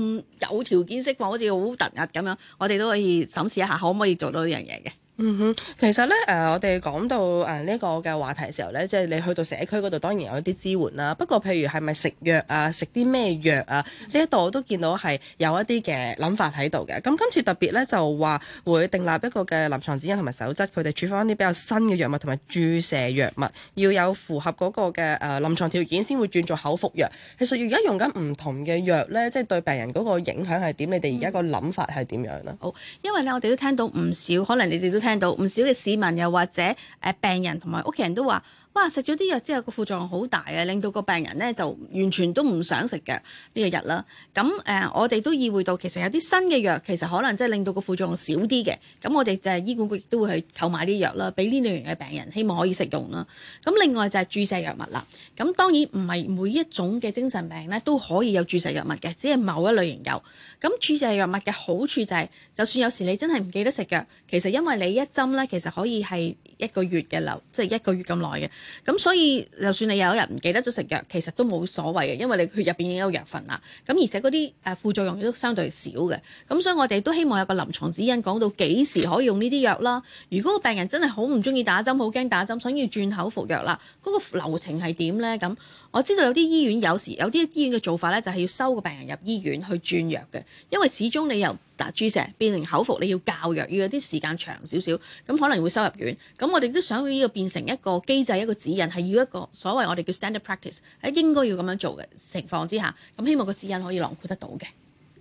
有條件釋放，好似好突兀咁樣，我哋都可以審視一下，可唔可以做到呢樣嘢嘅？嗯哼，其實咧誒、呃，我哋講到誒呢、呃這個嘅話題嘅時候咧，即、就、係、是、你去到社區嗰度當然有一啲支援啦。不過譬如係咪食藥啊，食啲咩藥啊？呢一度我都見到係有一啲嘅諗法喺度嘅。咁今次特別咧就話會訂立一個嘅臨床指引同埋守則，佢哋處方一啲比較新嘅藥物同埋注射藥物，要有符合嗰個嘅誒、呃、臨床條件先會轉做口服藥。其實而家用緊唔同嘅藥咧，即、就、係、是、對病人嗰個影響係點？你哋而家個諗法係點樣咧？好、嗯哦，因為咧我哋都聽到唔少，可能你哋都聽。聽到唔少嘅市民，又或者誒病人同埋屋企人都話。哇！食咗啲藥之後，個副作用好大呀，令到個病人咧就完全都唔想食嘅呢個藥啦。咁、嗯、誒、呃，我哋都意會到，其實有啲新嘅藥，其實可能即係令到個副作用少啲嘅。咁、嗯、我哋就係醫管局亦都會去購買啲藥啦，俾呢類型嘅病人，希望可以食用啦。咁、嗯、另外就係注射藥物啦。咁、嗯、當然唔係每一種嘅精神病咧都可以有注射藥物嘅，只係某一類型有。咁、嗯、注射藥物嘅好處就係、是，就算有時你真係唔記得食藥，其實因為你一針咧，其實可以係。一個月嘅流，即係一個月咁耐嘅，咁所以就算你有一日唔記得咗食藥，其實都冇所謂嘅，因為你血入邊已經有藥份啦。咁而且嗰啲誒副作用亦都相對少嘅，咁所以我哋都希望有個臨床指引講到幾時可以用呢啲藥啦。如果個病人真係好唔中意打針，好驚打針，想要轉口服藥啦，嗰個流程係點呢？咁。我知道有啲醫院有時有啲醫院嘅做法咧，就係要收個病人入醫院去轉藥嘅，因為始終你由打注射變成口服，你要教藥，要有啲時間長少少，咁可能會收入院。咁我哋都想要呢個變成一個機制，一個指引，係要一個所謂我哋叫 standard practice，喺應該要咁樣做嘅情況之下，咁希望個指引可以囊括得到嘅。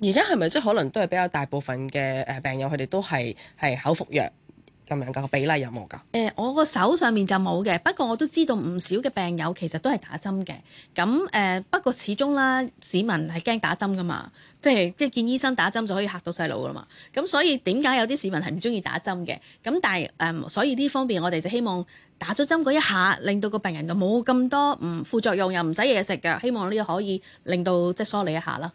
而家係咪即係可能都係比較大部分嘅誒病友，佢哋都係係口服藥？咁樣嘅比例有冇㗎？誒、嗯，我個手上面就冇嘅，不過我都知道唔少嘅病友其實都係打針嘅。咁誒、呃，不過始終啦，市民係驚打針㗎嘛，即係即係見醫生打針就可以嚇到細路㗎嘛。咁所以點解有啲市民係唔鍾意打針嘅？咁但係誒、呃，所以呢方面我哋就希望打咗針嗰一下，令到個病人就冇咁多唔副作用，又唔使嘢食嘅，希望呢個可以令到即係梳理一下啦。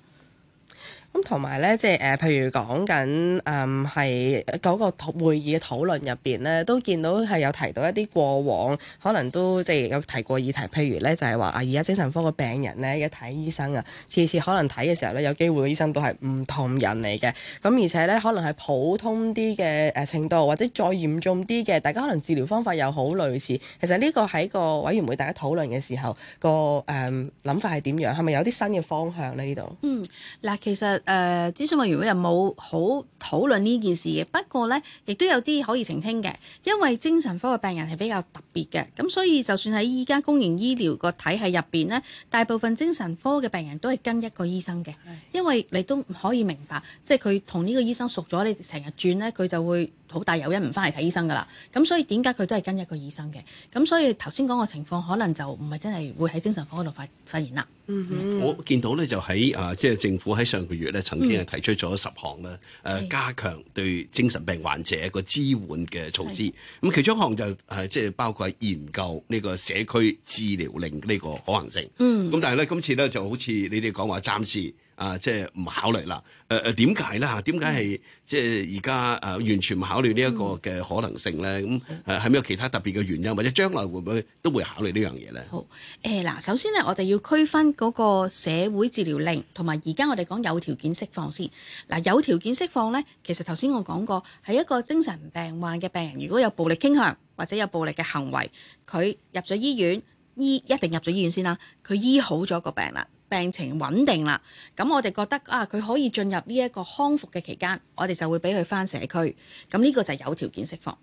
咁同埋咧，即係誒、呃，譬如講緊誒，係、嗯、嗰個討會議嘅討論入邊咧，都見到係有提到一啲過往，可能都即係有提過議題。譬如咧，就係、是、話啊，而家精神科嘅病人咧，一睇醫生啊，次次可能睇嘅時候咧，有機會醫生都係唔同人嚟嘅。咁、嗯、而且咧，可能係普通啲嘅誒程度，或者再嚴重啲嘅，大家可能治療方法又好類似。其實呢個喺個委員會大家討論嘅時候，個誒諗、嗯、法係點樣？係咪有啲新嘅方向咧？呢度嗯，嗱，其實。誒諮詢委員會又冇好討論呢件事嘅，不過咧，亦都有啲可以澄清嘅，因為精神科嘅病人係比較特別嘅，咁所以就算喺依家公營醫療個體系入邊咧，大部分精神科嘅病人都係跟一個醫生嘅，因為你都唔可以明白，即係佢同呢個醫生熟咗，你成日轉咧，佢就會好大有因唔返嚟睇醫生㗎啦，咁所以點解佢都係跟一個醫生嘅，咁所以頭先講個情況可能就唔係真係會喺精神科嗰度發發現啦。嗯，哼嗯，我見到咧就喺啊，即、就、係、是、政府喺上個月咧曾經係提出咗十項咧誒、嗯呃、加強對精神病患者個支援嘅措施，咁是其中一項就誒即係包括研究呢個社區治療令呢個可行性。嗯，咁但係咧今次咧就好似你哋講話暫時。啊，即係唔考慮啦。誒、啊、誒，點解咧？嚇，點解係即係而家啊，完全唔考慮呢一個嘅可能性咧？咁、啊、誒，係咪有其他特別嘅原因，或者將來會唔會都會考慮呢樣嘢咧？好誒，嗱、呃，首先咧，我哋要區分嗰個社會治療令同埋而家我哋講有條件釋放先。嗱、啊，有條件釋放咧，其實頭先我講過，係一個精神病患嘅病人，如果有暴力傾向或者有暴力嘅行為，佢入咗醫院，醫一定入咗醫院先啦。佢醫好咗個病啦。病情穩定啦，咁我哋覺得啊，佢可以進入呢一個康復嘅期間，我哋就會俾佢返社區。咁呢個就係有條件釋放。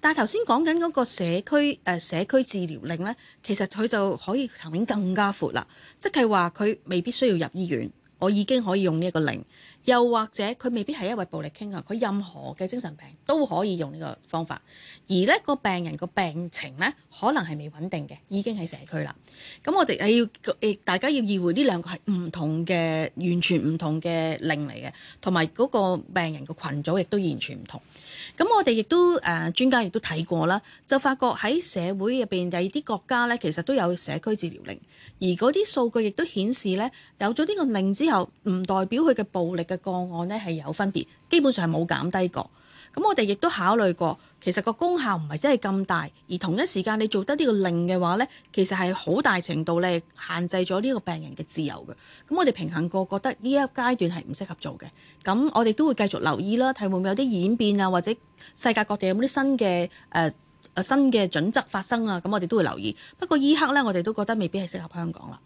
但係頭先講緊嗰個社區誒、呃、社區治療令呢，其實佢就可以層面更加闊啦，即係話佢未必需要入醫院，我已經可以用呢一個令。又或者佢未必係一位暴力傾向，佢任何嘅精神病都可以用呢個方法。而呢、呢個病人個病情咧，可能係未穩定嘅，已經喺社區啦。咁我哋係要誒，大家要意會呢兩個係唔同嘅，完全唔同嘅令嚟嘅，同埋嗰個病人個群組亦都完全唔同。咁我哋亦都誒、呃、專家亦都睇過啦，就發覺喺社會入邊第二啲國家咧，其實都有社區治療令，而嗰啲數據亦都顯示咧，有咗呢個令之後，唔代表佢嘅暴力，嘅個案咧係有分別，基本上係冇減低過。咁我哋亦都考慮過，其實個功效唔係真係咁大，而同一時間你做得呢個令嘅話呢，其實係好大程度咧限制咗呢個病人嘅自由嘅。咁我哋平衡過，覺得呢一階段係唔適合做嘅。咁我哋都會繼續留意啦，睇會唔會有啲演變啊，或者世界各地有冇啲新嘅誒、呃、新嘅準則發生啊。咁我哋都會留意。不過依刻呢，我哋都覺得未必係適合香港啦。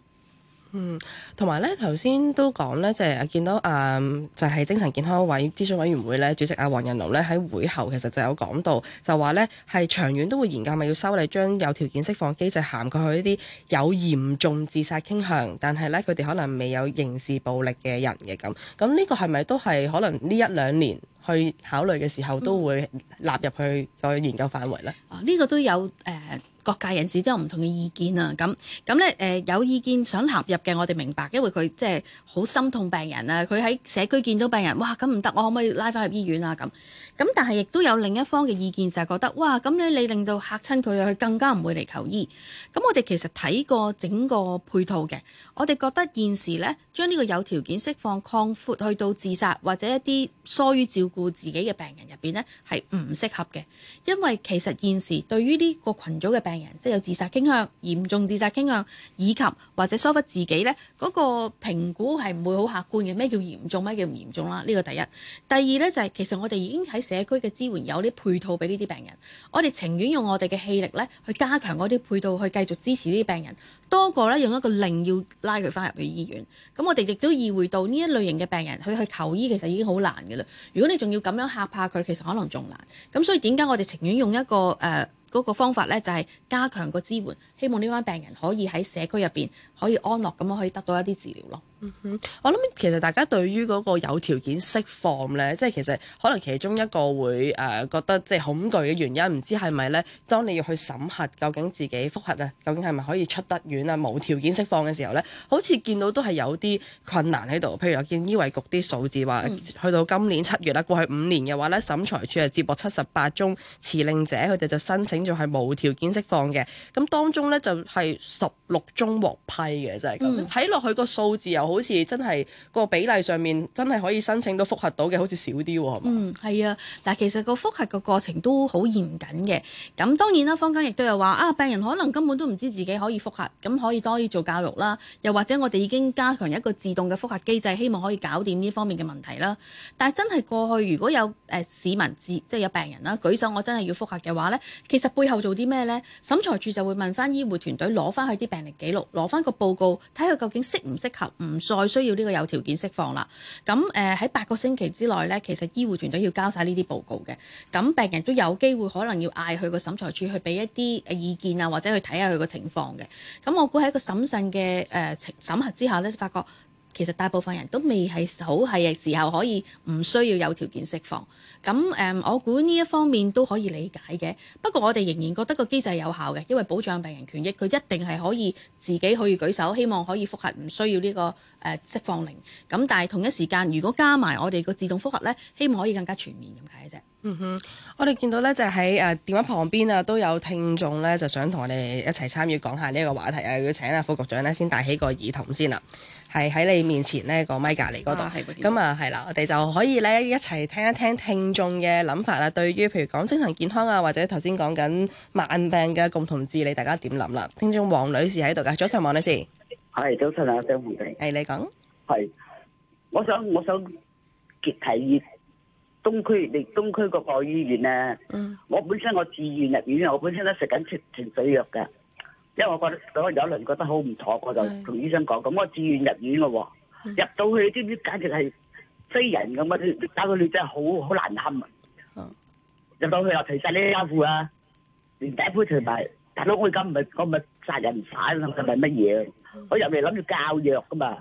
嗯，同埋咧，頭先都講咧，即係啊，見到誒，就係、是嗯就是、精神健康委諮詢委員會咧，主席阿黃仁龍咧，喺會後其實就有講到，就話咧係長遠都會研究，咪、就是、要修例將有條件釋放機制涵蓋去一啲有嚴重自殺傾向，但係咧佢哋可能未有刑事暴力嘅人嘅咁。咁呢、嗯嗯、個係咪都係可能呢一兩年去考慮嘅時候都會納入去個研究範圍咧？呢、嗯哦呢個都有誒。呃各界人士都有唔同嘅意見啊，咁咁咧誒有意見想合入嘅，我哋明白，因為佢即係好心痛病人啊，佢喺社區見到病人，哇咁唔得，我可唔可以拉翻入醫院啊？咁咁但係亦都有另一方嘅意見，就係、是、覺得哇咁樣你令到嚇親佢，佢更加唔會嚟求醫。咁我哋其實睇過整個配套嘅，我哋覺得現時咧將呢個有條件釋放擴闊去到自殺或者一啲疏於照顧自己嘅病人入邊咧係唔適合嘅，因為其實現時對於呢個群組嘅病人即係有自殺傾向、嚴重自殺傾向，以及或者疏忽自己呢嗰、嗰個評估係唔會好客觀嘅。咩叫嚴重？咩叫唔嚴重啦？呢、呢個第一。第二呢，就係、是、其實我哋已經喺社區嘅支援有啲配套俾呢啲病人，我哋情願用我哋嘅氣力呢去加強嗰啲配套，去繼續支持呢啲病人，多過呢，用一個令要拉佢翻入去醫院。咁我哋亦都意會到呢一類型嘅病人，佢去求醫其實已經好難嘅啦。如果你仲要咁樣嚇怕佢，其實可能仲難。咁所以點解我哋情願用一個誒，呃嗰個方法咧，就係加強個支援。希望呢班病人可以喺社區入邊可以安樂，咁樣，可以得到一啲治療咯。嗯哼，我諗其實大家對於嗰個有條件釋放咧，即係其實可能其中一個會誒，覺得即係恐懼嘅原因，唔知係咪咧？當你要去審核究竟自己複核啊，究竟係咪可以出得院啊？無條件釋放嘅時候咧，好似見到都係有啲困難喺度。譬如我見醫衛局啲數字話，去到今年七月啦，過去五年嘅話咧，審裁處係接獲七十八宗持令者，佢哋就申請咗係無條件釋放嘅。咁當中。咧就係十六宗獲批嘅，就啫、係，咁睇落去個數字又好似真係、個比例上面真係可以申請到複核到嘅，好似少啲係嘛？嗯，係啊，嗱，其實個複核個過程都好嚴謹嘅。咁當然啦，坊間亦都有話啊，病人可能根本都唔知自己可以複核，咁可以多啲做教育啦。又或者我哋已經加強一個自動嘅複核機制，希望可以搞掂呢方面嘅問題啦。但係真係過去如果有誒、呃、市民自即係有病人啦舉手，我真係要複核嘅話咧，其實背後做啲咩咧？審裁處就會問翻。醫護團隊攞翻佢啲病歷記錄，攞翻個報告，睇佢究竟適唔適合，唔再需要呢個有條件釋放啦。咁誒喺八個星期之內呢，其實醫護團隊要交晒呢啲報告嘅。咁病人都有機會可能要嗌佢個審裁處去俾一啲意見啊，或者去睇下佢個情況嘅。咁我估喺一個審慎嘅誒審核之下呢，發覺。其實大部分人都未係好係時候可以唔需要有條件釋放咁誒、嗯。我估呢一方面都可以理解嘅，不過我哋仍然覺得個機制有效嘅，因為保障病人權益，佢一定係可以自己可以舉手，希望可以覆核，唔需要呢、呢個誒、呃、釋放令咁。但係同一時間，如果加埋我哋個自動覆核呢，希望可以更加全面咁解啫。嗯哼，我哋見到呢就喺、係、誒電話旁邊啊，都有聽眾呢，就想同我哋一齊參與講下呢一個話題啊。要請阿副局長呢，先帶起個耳筒先啦。係喺你面前咧個麥隔籬嗰度，咁啊，係啦，我哋就可以咧一齊聽一聽聽眾嘅諗法啦。對於譬如講精神健康啊，或者頭先講緊慢病嘅共同治理，大家點諗啦？聽眾王女士喺度噶，早晨王女士，係早晨啊，張慧玲，係你講，係我想我想結題以東區你東區嗰個醫院啊，我本身我自願入院，我本身都食緊情情緒藥噶。因為我覺得嗰，有一輪覺得好唔妥，我就同醫生講，咁我自願入院咯。入到去，知唔知簡直係非人咁啊？啲啲搞到你真係好好難堪啊！入到去又提晒啲衣服啊，連底褲同埋大佬，我而家唔係我唔係殺人犯，同埋唔係乜嘢？我入嚟諗住教藥噶嘛。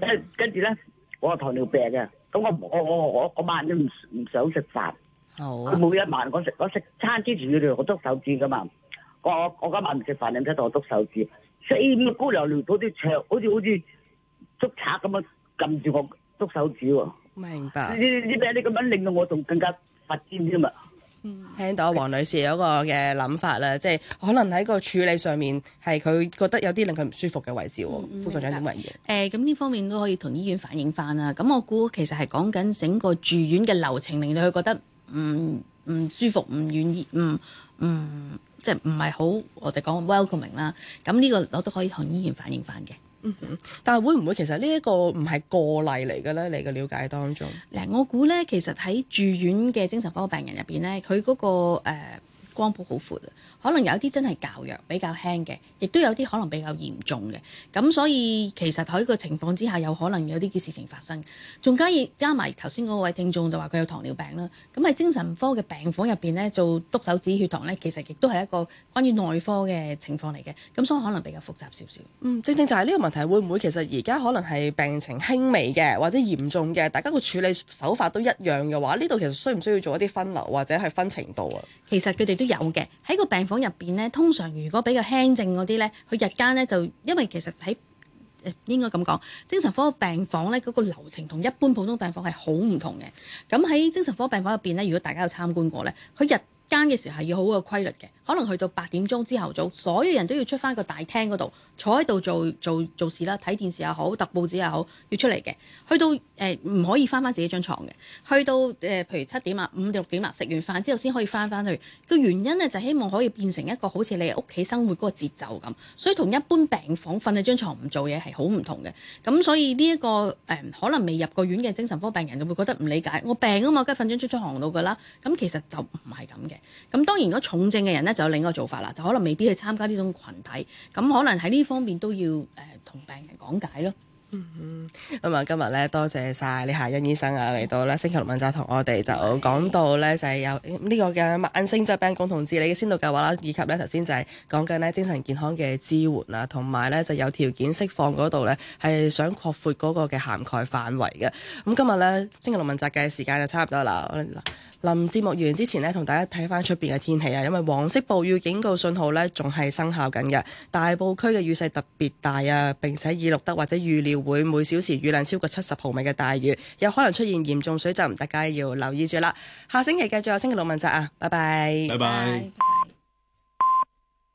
跟跟住咧，我糖尿病啊，咁我我我我我晚都唔唔想食飯。好啊。每一晚我食我食餐之前要我篤手指噶嘛。我我今晚唔食飯，你唔睇到我篤手指，四面姑娘撩到啲牆，好似好似捉賊咁樣撳住我篤手指喎。明白。你你你你咁樣令到我仲更加發癲添嘛？聽到王女士有個嘅諗法啦，即係可能喺個處理上面係佢覺得有啲令佢唔舒服嘅位置喎。副局長點回應？誒，咁呢方面都可以同醫院反映翻啦。咁我估其實係講緊整個住院嘅流程，令到佢覺得唔唔、嗯嗯、舒服、唔願意、唔、嗯、唔。嗯即係唔係好我哋講 welcome 啦，咁呢個我都可以同醫院反映翻嘅。嗯哼，但係會唔會其實呢一個唔係個例嚟嘅咧？你嘅了解當中，嗱我估咧，其實喺住院嘅精神科病人入邊咧，佢嗰、嗰個、呃、光譜好闊啊。可能有啲真係較弱比較輕嘅，亦都有啲可能比較嚴重嘅。咁所以其實喺個情況之下，有可能有啲嘅事情發生。仲加加埋頭先嗰位聽眾就話佢有糖尿病啦。咁喺精神科嘅病房入邊咧做篤手指血糖咧，其實亦都係一個關於內科嘅情況嚟嘅。咁所以可能比較複雜少少。嗯，正正就係呢個問題會唔會其實而家可能係病情輕微嘅或者嚴重嘅，大家個處理手法都一樣嘅話，呢度其實需唔需要做一啲分流或者係分程度啊？其實佢哋都有嘅喺個病房。房入邊咧，通常如果比較輕症嗰啲咧，佢日間咧，就因為其實喺，誒，應該咁講，精神科病房咧嗰個流程同一般普通病房係好唔同嘅。咁喺精神科病房入邊咧，如果大家有參觀過咧，佢日間嘅時候係要好好嘅規律嘅。可能去到八點鐘之後早，所有人都要出翻個大廳嗰度坐喺度做做做事啦，睇電視又好，揼報紙又好，要出嚟嘅。去到誒唔、呃、可以翻翻自己張床嘅。去到誒、呃、譬如七點啊、五點六點啊，食完飯之後先可以翻翻去。個原因咧就是、希望可以變成一個好似你屋企生活嗰個節奏咁，所以同一般病房瞓喺張床唔做嘢係好唔同嘅。咁所以呢、這、一個誒、呃、可能未入過院嘅精神科病人會覺得唔理解，我病啊嘛，梗係瞓張張牀度㗎啦。咁其實就唔係咁嘅。咁當然嗰重症嘅人咧，就另一個做法啦，就可能未必去參加呢種群體，咁可能喺呢方面都要誒同、呃、病人講解咯。嗯嗯，咁、嗯、啊、嗯，今日咧多謝晒李夏茵醫生啊，嚟到咧星期六問責同我哋就講到咧、嗯、就係有呢個嘅慢性疾、嗯、病共同治理嘅先導計劃啦，以及咧頭先就係講緊咧精神健康嘅支援啊，同埋咧就有條件釋放嗰度咧係想擴闊嗰個嘅涵蓋範圍嘅。咁、嗯、今日咧星期六問責嘅時間就差唔多啦。林節目完之前呢，同大家睇翻出邊嘅天氣啊，因為黃色暴雨警告信號呢，仲係生效緊嘅，大埔區嘅雨勢特別大啊，並且已錄得或者預料會每小時雨量超過七十毫米嘅大雨，有可能出現嚴重水浸，大家要留意住啦。下星期繼續，星期六問雜啊，拜拜。拜拜。